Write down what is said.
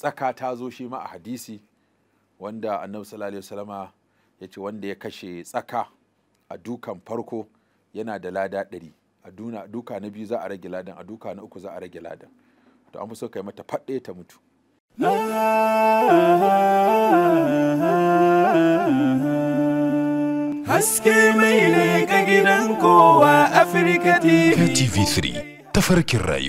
tsaka ta zo shi ma a hadisi wanda annabi sallallahu alaihi wasallama ya ce wanda ya kashe tsaka a dukan farko yana da lada ɗari a duka na biyu za a rage ladan a duka na uku za a rage ladan to an fi so kai mata faɗe ta mutu haske mai ne ga gidan kowa afirka tv3 tafarkin rayu